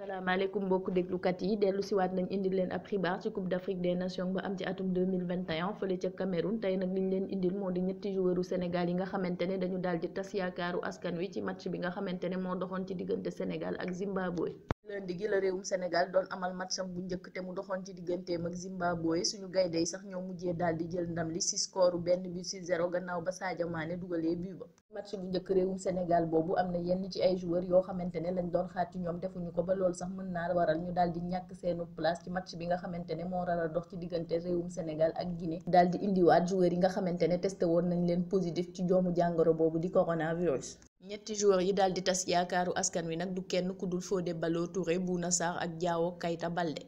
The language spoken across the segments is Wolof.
salaamaaleykum mbokku déglukat yi dellu siwaat nañ indi leen ab xibaar ci coupe d' afrique des nations ba am ci atum 2021 fële ca Cameroun tey nag liñ leen indi moo di ñetti joueuru Sénégal yi nga xamante ne dañu daal di tas yaakaaru askan wi ci match bi nga xamante ne moo doxoon ci diggante Sénégal ak Zimbabwe. lundi gi la réewum Sénégal doon amal matcham bu njëkk te mu doxoon ci digganteem ak Zimbabwe suñu gaynde yi sax ñoo mujjee daal di jël ndam li ci score benn bi ci zéro gannaaw ba Sadio Mané dugalee but ba. match bu njëkk réewum Sénégal boobu am na yenn ci ay joueurs yoo xamante ne lañ doon xaar ci ñoom defuñu ko ba lool sax mën naa waral ñu daal di ñàkk seenu place ci match bi nga xamante ne moo rar a dox ci diggante réewum Sénégal ak Guinée daal di indiwaat joueurs yi nga xamante ne testé woon nañ leen positif ci joomu jàngoro boobu di coronavirus. ñetti joueur yi daal di tas yaakaaru askan wi nag du kenn ku dul Fodé Ballo-Touré Bouna Sarr ak Diao Keita Baldé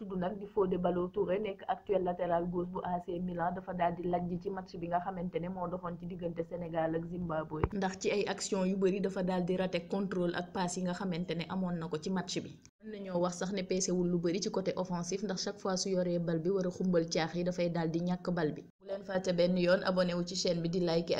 tudd nag di Fodé Ballo-Touré nekk actuel latéral gauche bu AC Milan dafa daal di lajj ci match bi nga xamante ne moo doxoon ci diggante Sénégal ak Zimbabwe. ndax ci ay action yu bëri dafa daal di raté contrôle ak passe yi nga xamante ne amoon na ko ci match bi. mën nañoo wax sax ne peesewul lu bëri ci côté offensif ndax chaque fois su yoree bal bi war a xumbal caax yi dafay daal di ñàkk bal bi bu leen fàtte benn yoon abonné ci chaîne bi di like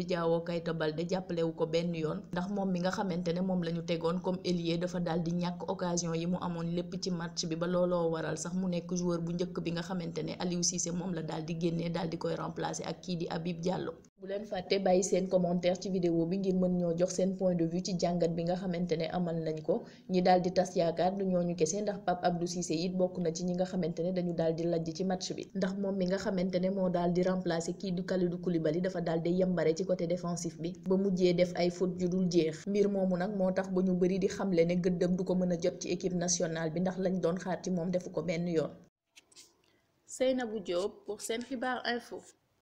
di Diao Keita Baldé jàppalewu ko benn yoon ndax moom mi nga xamante ne moom la tegoon comme ailier dafa daal di ñàkk occasion yi mu amoon lépp ci match bi ba looloo waral sax mu nekk joueur bu njëkk bi nga xamante ne Aliou Cissé moom la daal di génnee daal di koy remplacer ak kii di Habib Diallo. bu leen fàtte bàyyi seen commentaire ci vidéo bi ngir mën ñoo jox seen point de vue ci jàngat bi nga xamante ne amal nañ ko ñi daal di tas yaakaar du ñooñu kese ndax Pape Abdou Cissé na ci ñi nga xamante ne dañu daal di lajj bi côté défensif bi ba mujjee def ay faute yu dul jeex mbir moomu nag moo tax ba ñu bëri di xamle ne gëddëm du ko mën a jot ci équipe nationale bi ndax lañu doon xaar ci moom defu ko benn yoon. Seynabou Diop pour seen